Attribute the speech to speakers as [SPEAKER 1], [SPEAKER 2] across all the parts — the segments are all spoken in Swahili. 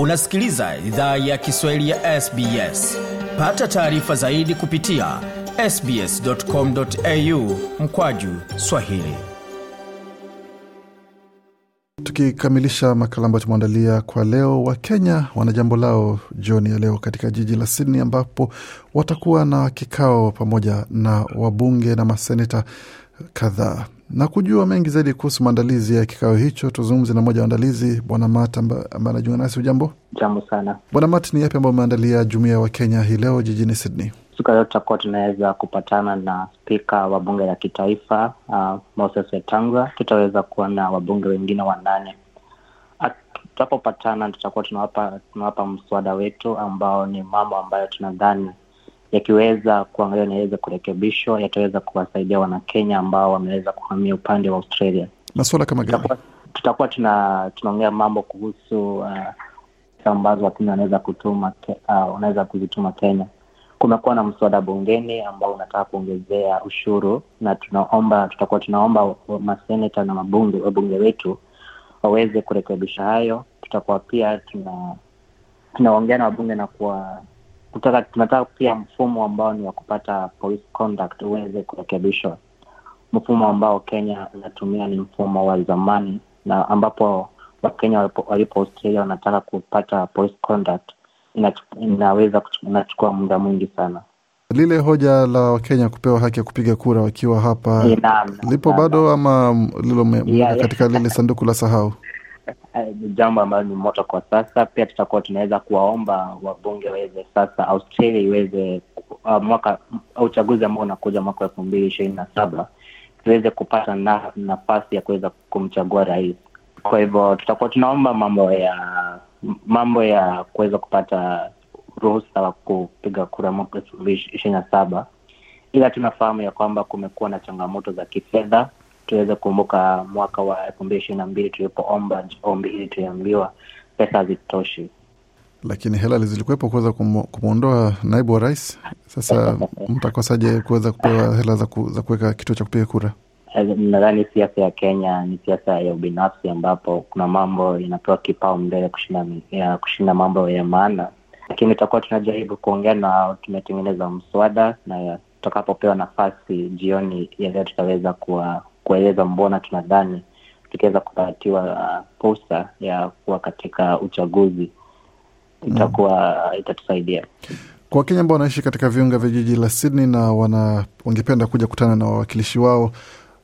[SPEAKER 1] unasikiliza idhaa ya kiswahili ya sbs pata taarifa zaidi kupitia sbscomau mkwaju swahili
[SPEAKER 2] tukikamilisha makala ambayo tumeandalia kwa leo wakenya wana jambo lao jioni ya leo katika jiji la sydney ambapo watakuwa na kikao pamoja na wabunge na maseneta kadhaa na kujua mengi zaidi kuhusu maandalizi ya kikao hicho, tuzungumze na mmoja wa waandalizi, Bwana Mat ambaye anajunga nasi. Ujambo?
[SPEAKER 1] Jambo sana
[SPEAKER 2] Bwana Mat, ni yapi ambayo umeandalia jumuia wa Kenya hii leo jijini Sydney?
[SPEAKER 1] Siku leo tutakuwa tunaweza kupatana na spika wa bunge la kitaifa uh, Moses Wetangula. Tutaweza na wabunge wengine wanane. Tutapopatana tutakuwa tunawapa tunawapa mswada wetu ambao ni mambo ambayo tunadhani yakiweza kuangalia yanaweza kurekebishwa, yataweza kuwasaidia Wanakenya ambao wameweza kuhamia upande wa Australia. maswala kama gani? Tutakuwa tuna tunaongea mambo kuhusu uh, ambazo Wakenya wanaweza kutuma uh, wanaweza kuzituma Kenya. Kumekuwa na mswada bungeni ambao unataka kuongezea ushuru, na tunaomba tutakuwa tunaomba maseneta na mabunge wabunge wetu waweze kurekebisha hayo. Tutakuwa pia tuna tunaongea na wabunge na kuwa kutaka tunataka pia mfumo ambao ni wa kupata police conduct uweze kurekebishwa. Mfumo ambao Kenya unatumia ni mfumo wa zamani, na ambapo Wakenya walipo Australia wanataka kupata police conduct inaweza inachukua muda mwingi sana.
[SPEAKER 2] Lile hoja la Wakenya kupewa haki ya kupiga kura wakiwa hapa yeah, lipo bado ama lilo yeah, katika yeah, lile sanduku la sahau?
[SPEAKER 1] Eh, ni jambo ambalo ni moto kwa sasa. Pia tutakuwa tunaweza kuwaomba wabunge waweze sasa, Australia iweze uh, mwaka uh, uchaguzi ambao unakuja mwaka elfu mbili ishirini na saba tuweze kupata na, nafasi ya kuweza kumchagua rais. Kwa hivyo tutakuwa tunaomba mambo ya mambo ya kuweza kupata ruhusa wa kupiga kura mwaka elfu mbili ishirini na saba ila tunafahamu ya kwamba kumekuwa na changamoto za kifedha tuweze kukumbuka mwaka wa elfu mbili ishiri na mbili tulipoomba ombi hili tuliambiwa pesa hazitoshi
[SPEAKER 2] lakini hela zilikuwepo kuweza kumwondoa naibu wa rais. Sasa mtakosaje kuweza kupewa hela za, ku, za kuweka kituo cha kupiga kura?
[SPEAKER 1] Eh, nadhani siasa ya Kenya ni siasa ya ubinafsi, ambapo kuna mambo inapewa kipao mbele kushinda, kushinda mambo ya maana, lakini tutakuwa tunajaribu kuongea na tumetengeneza mswada na tutakapopewa nafasi jioni yaleo tutaweza kuwa kueleza mbona tunadhani tukiweza kupatiwa fursa uh, ya kuwa katika uchaguzi itakuwa mm. itatusaidia
[SPEAKER 2] kwa Wakenya ambao wanaishi katika viunga vya jiji la Sydney na wana wangependa kuja kutana na wawakilishi wao,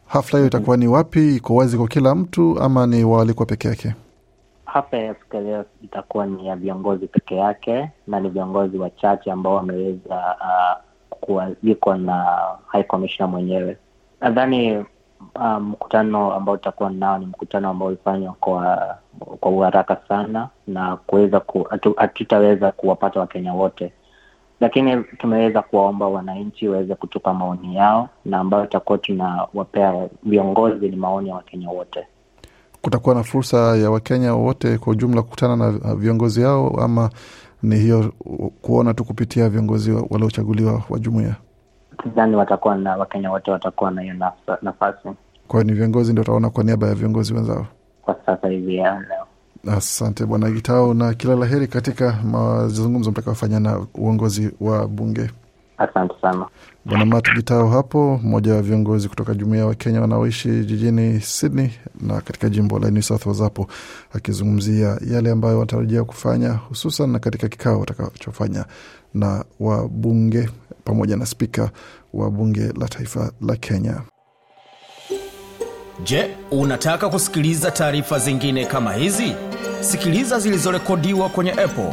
[SPEAKER 2] hafla hiyo itakuwa ni wapi? Iko wazi kwa kila mtu ama ni waalikwa peke yake?
[SPEAKER 1] Hafla ya siku leo itakuwa ni ya viongozi peke yake, na ni viongozi wachache ambao wameweza uh, kualikwa na High Commissioner mwenyewe. Nadhani Ah, mkutano um, ambao utakuwa nao ni mkutano ambao ulifanywa kwa kwa uharaka sana na kuweza hatutaweza ku, kuwapata wakenya wote lakini tumeweza kuwaomba wananchi waweze kutupa maoni yao na ambayo tutakuwa tunawapea viongozi ni maoni ya wakenya wote
[SPEAKER 2] kutakuwa na fursa ya wakenya wote kwa ujumla kukutana na viongozi yao ama ni hiyo kuona tu kupitia viongozi waliochaguliwa wa jumuia
[SPEAKER 1] sidhani watakuwa na Wakenya wote watakuwa na hiyo nafasi.
[SPEAKER 2] kwao ni viongozi ndio utaona kwa niaba ya viongozi wenzao
[SPEAKER 1] kwa sasa hivi ya leo.
[SPEAKER 2] Asante Bwana Gitao, na kila la heri katika mazungumzo mtakaofanya na uongozi wa bunge. Asante sana Bwana Gitao hapo, mmoja wa viongozi kutoka jumuia ya Wakenya wanaoishi jijini Sydney na katika jimbo la New South Wales, hapo akizungumzia yale ambayo wanatarajia kufanya, hususan na katika kikao watakachofanya na wabunge pamoja na spika wa bunge la taifa la Kenya.
[SPEAKER 1] Je, unataka kusikiliza taarifa zingine kama hizi? Sikiliza zilizorekodiwa kwenye Apple,